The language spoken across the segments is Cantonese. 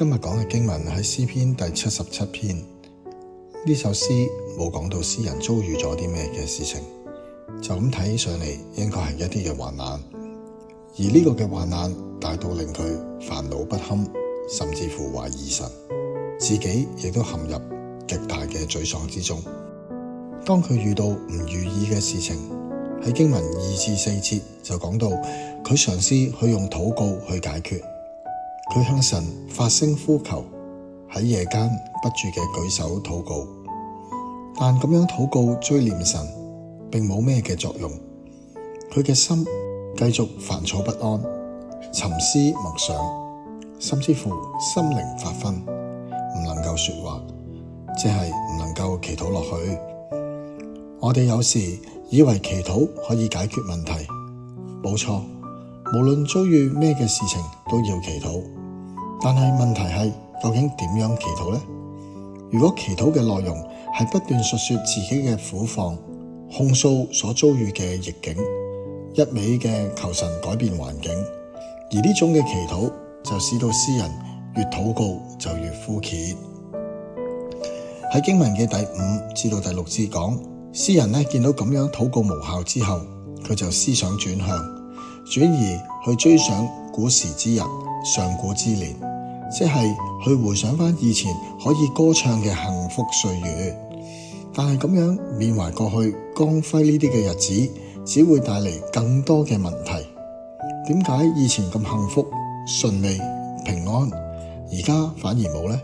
今日講嘅經文係詩篇第七十七篇，呢首詩冇講到詩人遭遇咗啲咩嘅事情，就咁睇起上嚟，應該係一啲嘅患難，而呢個嘅患難大到令佢煩惱不堪，甚至乎懷疑神，自己亦都陷入極大嘅沮喪之中。當佢遇到唔如意嘅事情，喺經文二至四節就講到佢嘗試去用禱告去解決。佢向神發聲呼求，喺夜間不住嘅舉手禱告，但咁樣禱告追念神，並冇咩嘅作用。佢嘅心繼續煩躁不安、沉思默想，甚至乎心靈發昏，唔能夠說話，即係唔能夠祈禱落去。我哋有時以為祈禱可以解決問題，冇錯，無論遭遇咩嘅事情都要祈禱。但係問題係，究竟點樣祈禱呢？如果祈禱嘅內容係不斷述說自己嘅苦況、控訴所遭遇嘅逆境，一味嘅求神改變環境，而呢種嘅祈禱就使到詩人越禱告就越枯竭。喺經文嘅第五至到第六次講，詩人呢見到咁樣禱告無效之後，佢就思想轉向，轉而去追想古時之日、上古之年。即係去回想翻以前可以歌唱嘅幸福歲月，但係咁樣緬懷過去光輝呢啲嘅日子，只會帶嚟更多嘅問題。點解以前咁幸福、順利、平安，而家反而冇呢？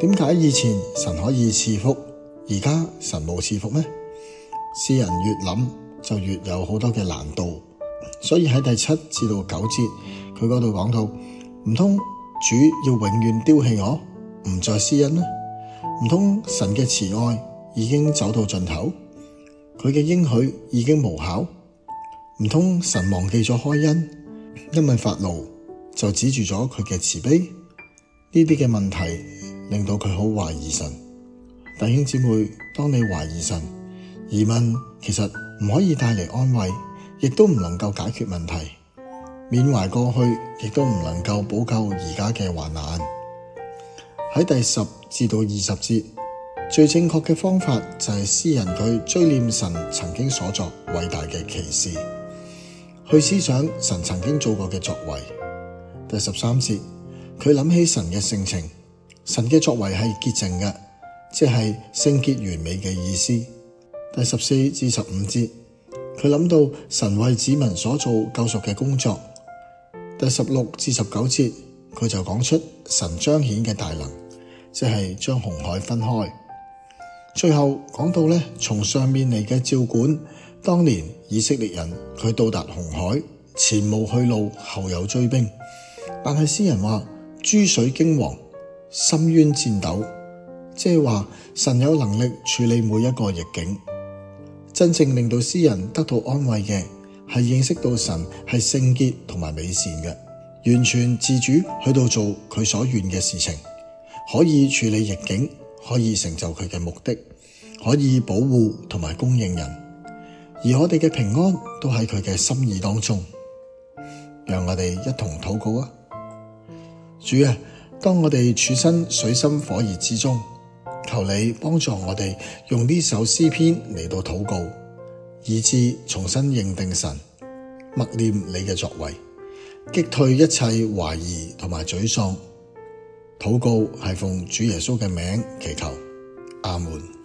點解以前神可以賜福，而家神冇賜福呢？詩人越諗就越有好多嘅難度，所以喺第七至到九節，佢嗰度講到唔通。主要永遠丟棄我，唔再施恩咧？唔通神嘅慈愛已經走到盡頭？佢嘅應許已經無效？唔通神忘記咗開恩？因為發怒就止住咗佢嘅慈悲？呢啲嘅問題令到佢好懷疑神。弟兄姊妹，當你懷疑神、疑問，其實唔可以帶嚟安慰，亦都唔能夠解決問題。緬懷過去，亦都唔能夠補救而家嘅患難。喺第十至到二十節，最正確嘅方法就係詩人佢追念神曾經所作偉大嘅奇事，去思想神曾經做過嘅作為。第十三節，佢諗起神嘅性情，神嘅作為係潔淨嘅，即係聖潔完美嘅意思。第十四至十五節，佢諗到神為子民所做救贖嘅工作。第十六至十九節，佢就講出神彰顯嘅大能，即係將紅海分開。最後講到呢，從上面嚟嘅照管，當年以色列人佢到達紅海，前無去路，後有追兵。但係詩人話，眾水驚惶，深淵戰抖，即係話神有能力處理每一個逆境，真正令到詩人得到安慰嘅，係認識到神係聖潔同埋美善嘅，完全自主去到做佢所願嘅事情，可以處理逆境，可以成就佢嘅目的，可以保護同埋供應人，而我哋嘅平安都喺佢嘅心意當中。讓我哋一同禱告啊，主啊，當我哋處身水深火熱之中，求你幫助我哋用呢首詩篇嚟到禱告。以致重新認定神，默念你嘅作為，擊退一切懷疑同埋沮喪。禱告係奉主耶穌嘅名祈求，阿門。